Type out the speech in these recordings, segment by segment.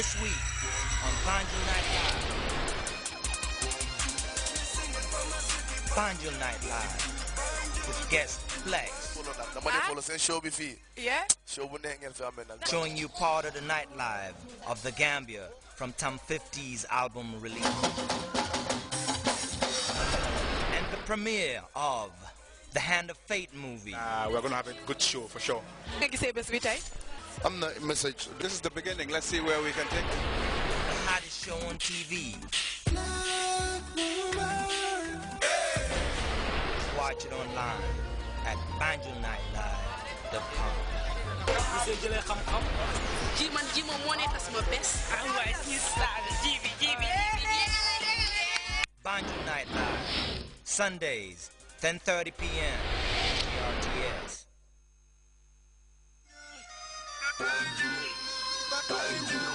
this week on Conjure Night Live. Conjure Night Live with guest Flex. Yeah? Showing you part of the nightlife of the Gambia from Tom 50's album release. And the premiere of the Hand of Fate movie. Uh, we're going to have a good show for sure. Thank you, Sabres. I'm not message. This is the beginning. Let's see where we can take it. The hottest show on TV. Watch it online at Banjo Night Live. The pump. Banjo Night Live Sundays 10:30 p.m. Thank you.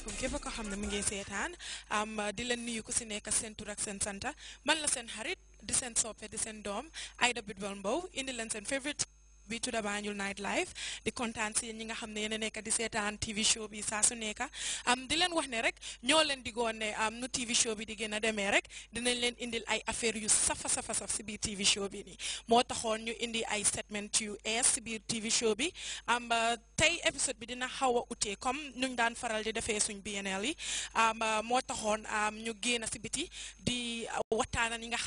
asalaamaaleykum képp ko xam ne mu ngi seetaan am di leen nuyu ku si nekk seen tur ak seen santa man la seen xarit di seen soppe di seen doom Aida Bidwell mbow indi leen seen favorite bi tudda Banjul night life di kontaan si ñi nga xam ne yéen di seetaan TV show bi saa su nekk am di leen wax ne rek ñoo leen digoon am nu TV show bi di gën a rek dinañ indil ay affaire yu safa safa saf biir TV show bi nii moo taxoon ñu indi ay yu biir TV show bi am tey épisode bi dina xaw a comme nuñ daan faral di suñ BNL yi am moo taxoon ñu génn si biti di ñi nga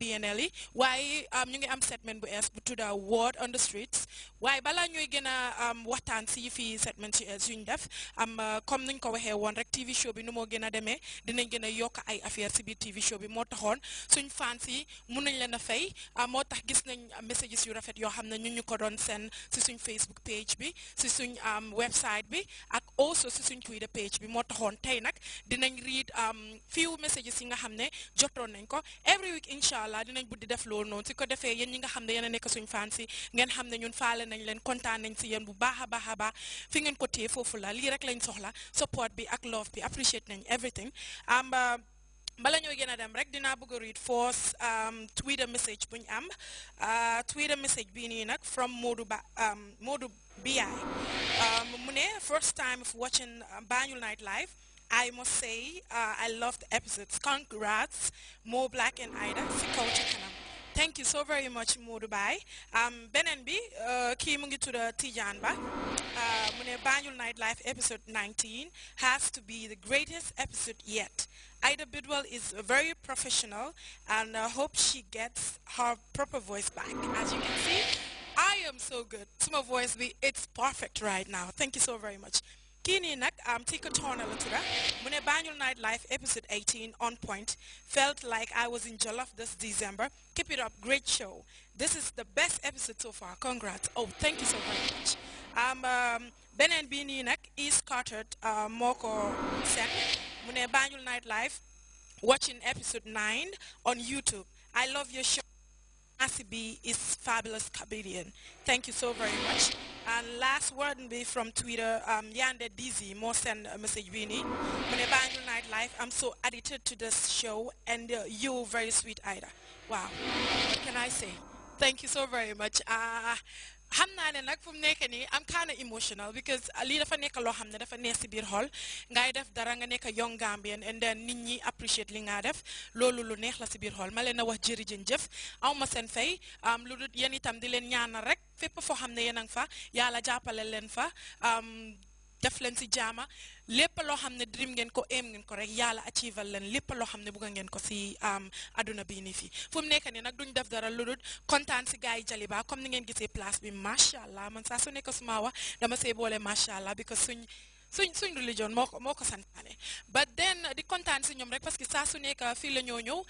BNL yi ñu ngi am bu to the ward on the streets waaye balaa ñuy gën a waxtaan si fi segment suñ def am comme nuñ ko waxee woon rek TV show bi nu moo gën a demee dinañ gën a yokk ay affaire si biir TV show bi moo taxoon suñ fans yi mun nañ leen a fay uh, moo tax gis nañ uh, messages yu rafet yoo xam ne ñu ñu ko doon seen si suñ Facebook page bi si suñ um, website bi ak also si suñ Twitter page bi moo taxoon tey nag dinañ read um, few messages yi nga xam ne jotoon nañ ko every week inshallah, allah dinañ buddi def loolu noonu si ko defee yéen ñi nga xam ne yéen a suñ fansi ngeen xam ñun faale nañ leen nañ yéen bu fi ngeen ko la rek lañ soxla support bi ak love bi appreciate nañ everything bala dem rek bëgg read force um, Twitter message buñ am uh, Twitter message bii nii nag from Ba um, um, first time of watching uh, Night Live I must say uh, I loved the episodes congrats Black and Ida Culture Thank you so very much Modoubaye um, Ben and uh, kii mu ngi tudda uh, Tijan Bah uh, mu Nightlife episode 19 has to be the greatest episode yet Ida Bidwell is very professional and I hope she gets her proper voice back as you can see I am so good suma voice it's perfect right now thank you so very much kii nii am um, Tika Turner la tudda Mune banyul Banjul Nightlife episode 18 on point felt like I was in Jollof this December keep it up great show this is the best episode so far congrats oh thank you so very much um, um, beneen bii nii nag is Carter uh, moo ko seen mu ne Banjul Nightlife watching episode 9 on YouTube I love your show Nancy is fabulous comedian thank you so very much and last word be from Twitter, um, Yande Dizzy, more send a message Winnie. When I Life, I'm so addicted to this show and uh, you very sweet Ida. Wow. What can I say? Thank you so very much. Uh, xam naa ne nag nekk nii am kind of emotional because uh, lii dafa nekk loo xam ne dafa neex si biir xol ngay def dara nga nekk young Gambian and then nit ñi appreciate li nga def loolu lu neex la si biir xol ma leen a wax jërëjën jëf aw ma seen fay um, lu dul yéen itam di leen ñaanal rek fépp foo xam yéen a fa yàlla jàppale leen fa um, def leen si jaama lépp loo xam ne dream ngeen ko aim ngeen ko rek yàlla achieval leen lépp loo xam ne bugg ngeen ko si aduna bii nii fii fu mu nekk nii nag duñ def dara lu dul kontaan si gars yi Jaliba comme ni ngeen gisee place bi macha allah man saa su nekk suma wax dama see boole macha allah bi ko suñ. suñ suñ religion moo ko moo ko santaane but then di kontaan si ñoom rek parce que saa su nekk fii la ñoo ñëw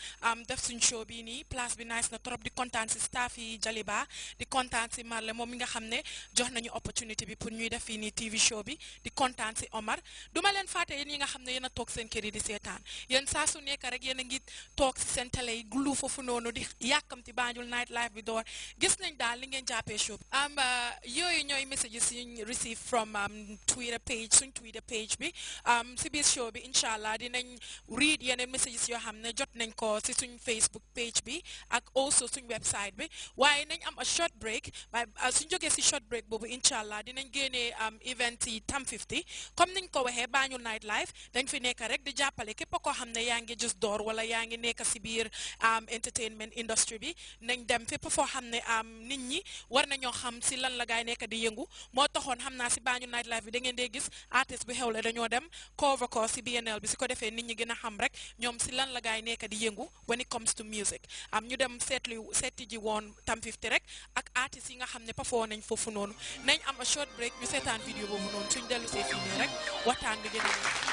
def suñ show bii nii place bi nice na trop di kontaan si staff yi Jaliba di kontaan si Marley moom mi nga xam jox nañu opportunity bi pour ñuy def fii TV show bi di kontaan si Omar du ma leen fàtte yéen yi nga xam ne yéen seen kër di seetaan yéen sa su nekk rek yéen a ngi toog si seen télé yi gulu foofu noonu di yàkkamti Banjul night life bi door gis nañ daal li ngeen jàppee show bi am uh, yooyu ñooy messages yi receive from um, Twitter page Twitter page bi um, biir show bi Inshallah, di dinañ read yeneen messages yoo xam ne jot nañ ko si suñ Facebook page bi ak also suñ website bi waaye nañ am a short break uh, suñ jógee si short break boobu incha allah dinañ génnee um, event yi tam 50 comme niñ ko waxee Banjul night life dañ fi nekk rek di jàppale képp koo xam ne yaa ngi just door wala yaa ngi nekk bir um entertainment industry bi nañ dem fépp foo xam um nit ñi war nañoo xam si lan la gaay nekk di yëngu moo taxoon xam naa si night life bi da ngeen dee gis artiste bi xewle dañoo dem cover ko si BNL bi si ko defee nit ñi gën a xam rek ñoom si lan la gaay yi nekk di yëngu when it comes to music am ñu dem seetlu seeti ji woon tam 50 rek ak artistes yi nga xam ne pafoo nañ foofu noonu nañ am a short break ñu seetaan vidéo boobu noonu suñ dellu see fii nii rek waxtaan bi gën a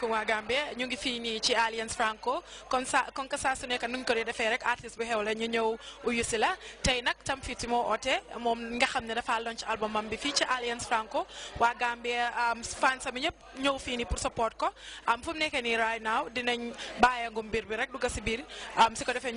asalaamaaleykum waa Gambie ñu ngi fii nii ci Alliance Franco kon sa kon que saa su nekk nuñ ko dee defee rek artiste bu xew la ñu ñëw uyu si la tey nag Tamfiti moo ote moom nga xam ne dafa launch album am bi fii ci Alliance Franco waa Gambie fans am ñëpp ñëw fii nii pour support ko am fu mu ni nii right now dinañ bàyyangu mbir bi rek dugg si biir si ko defee